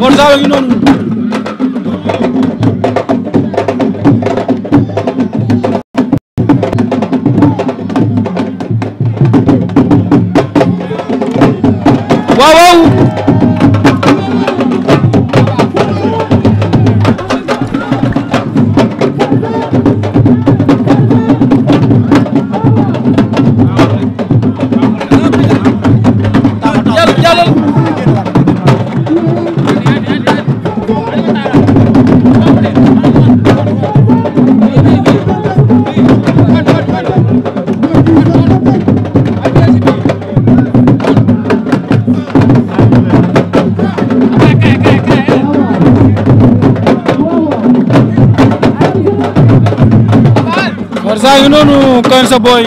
Forza wa ngi noonu waaw gaa ngi noonu Quench sa boy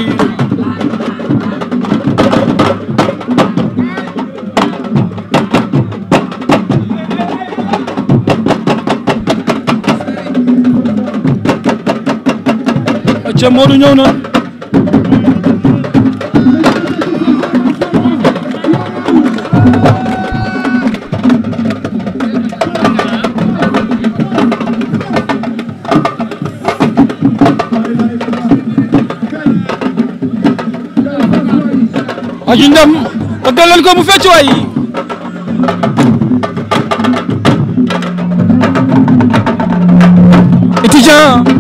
ca Modou ñëw na Acu Ndiam tëggal leen ko mu fecc waay étudiant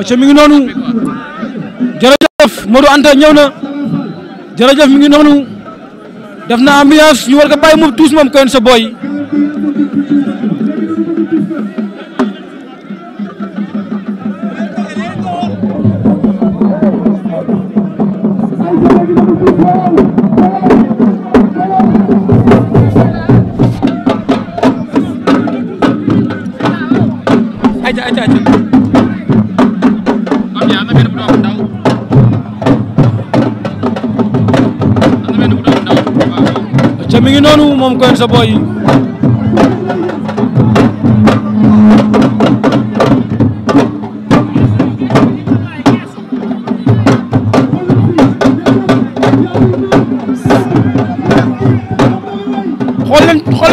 aca mi ngi noonu jërëjëf Modou Anta ñëw na jërëjëf mi ngi noonu def na ambiance ñu war ko bàyyi moom tuus moom koyoon sa booy mi ngi noonu moom Quench sa boy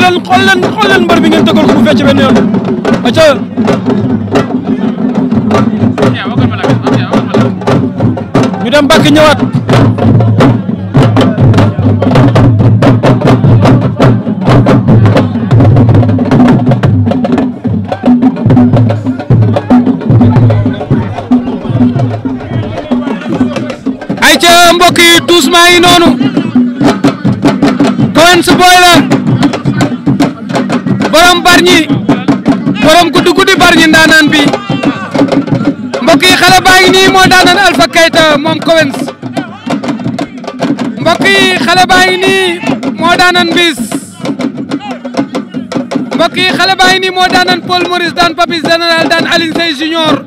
leen xool leen xool leen mbër bi ngeen tëggal ko mu fecc benn yoon aca ñu dem bakk ñëwaat ay ca mbokk yi tous maa ngi noonu Quench Boy la borom barñi borom guddi guddi barñi ndaanaan bi mbokk yi xale baa ngi nii moo daanaan Alpha Keita moom Kowens mbokk yi xale baa ngi nii moo daanaan bis mbokk xale baa ngi nii moo daanaan Paul Maurice daan Papis Général daan Aline Junior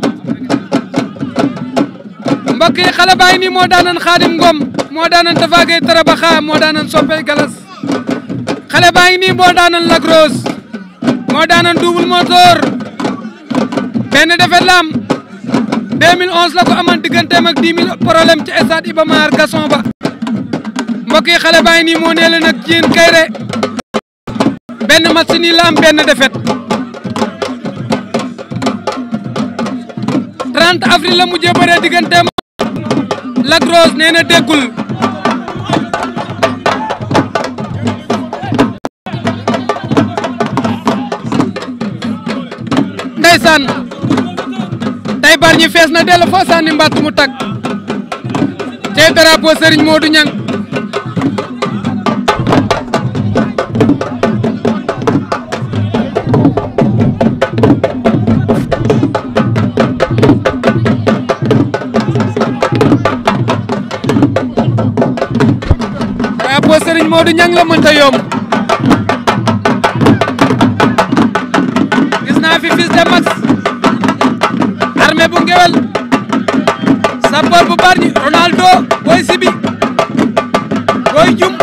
mbokk yi xale baa ngi nii moo daanaan Khadim Ngom moo daanaan Tafa Gueye Tarabaxa moo daanaan Soppey Galas xale baa nii moo daanaan Lac ma daanoon Double Moteur benn defet la am la ko amoon digganteem ak 10 000 problème ci stade Iba Mar Gaston ba mbokk yi xale baa ngi nii moo neele nag Diène Kairé benn match nii la am benn defet 30 avril la mujjee bëree digganteem Lac Rose nee na déggul fees na dellu foo sànni mbàtt mu tag cey drapeau Serigne Modou Niang drapeau la mënta yomb ngewel sapeur bu Bargny Ronaldo Boy Sibi Boy Dioum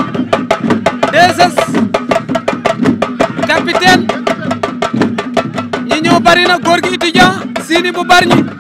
deses capitaine ñi ñëw bari na góor gi étudiant Sini bu Bargny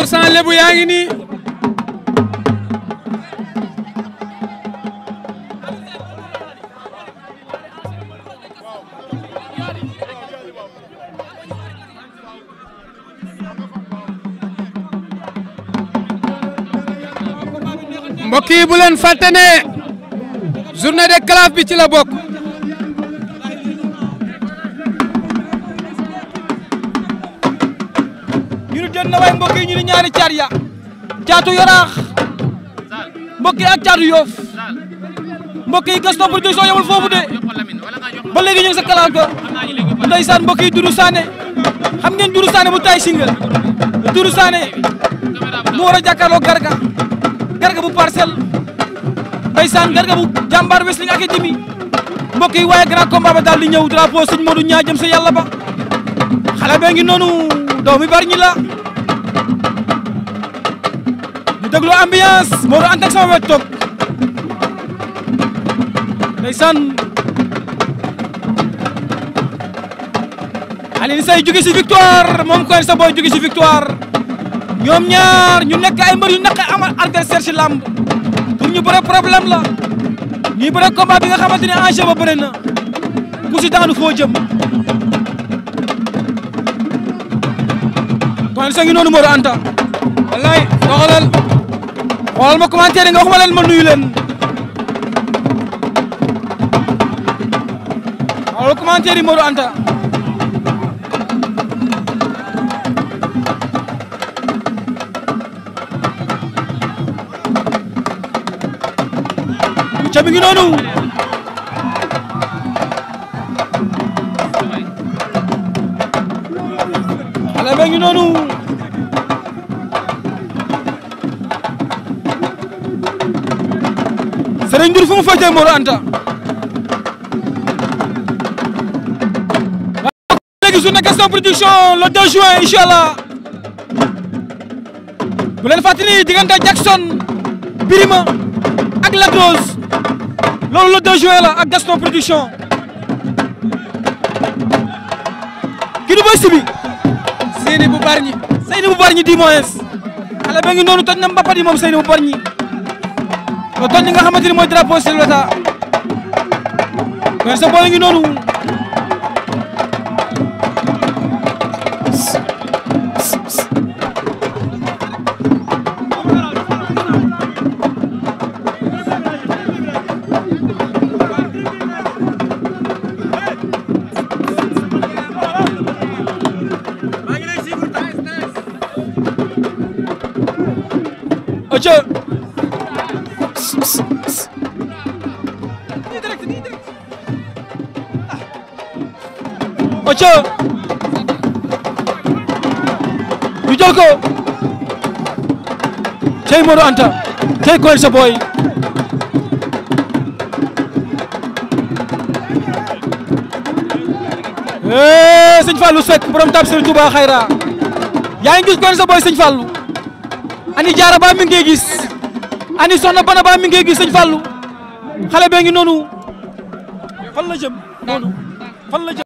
pour cent yaa ngi nii mbokk yi bu leen fàtte ne de classe bi ci la bokk jot na waaye mbokk yi ñu ni ya caatu yaraax mbokk yi ak caatu yoof mbokk yi Gaston Production yemul foofu de ba léegi ñu sa kalaan ko ndeysaan mbokk yi Doudou Sané xam ngeen Doudou Sané bu tay singal Doudou Sané mu war a jàkkaarloo Garga Garga bu parcelle ndeysaan Garga bu jàmbaar wrestling academy mbokk yi waaye grand combat ba ñëw drapeau sëñ Modou ñaa jëm sa ba xale bee ngi noonu doomi bari ñi la déglu ambiance Modou Anta ak sama wet toog ndeysaan Alioune Seye jóge si victoire moom Quench sa boy jóge si victoire ñoom ñaar ñu nekk ay mbër yu naq amal adversaire si làmb pour ñu bëre problème la ñuy bëre combat bi nga xamante ne enjeu ba bëre na ku si daanu foo jëm Quench sa ngi noonu Modou Anta wallaay doxalal xoolal ma commentaire yi nga waxuma leen ma nuyu leen xoolal commentaire yi Modou Anta ca mi noonu xale ba ngi noonu Yékini njur fu mu féetee Modou Anta léegi journée Gaston Production le 2 juin incha allah bu leen fàttali diggante Jackson Birima ak Lac Rose loolu le 2 juin la ak Gaston Production ki du boy sibi Seyni bu Bargny Seyni bu Bargny di moins xale ngi noonu toj na mbapat yi moom Seyni bu Bargny nga doon li nga xamante mooy drapeau chef de l'État ngi noonu Aja acca ñu jël ko cey Modou Anta cey Koel sa booy hee eh, sëñ Fallou borom tab Serigne Touba Xayra yaa ngi gis Koel sa booy sëñ Fallou ani jaara ba mi ngi ani soxna bana ba mi ngi gis xale bee noonu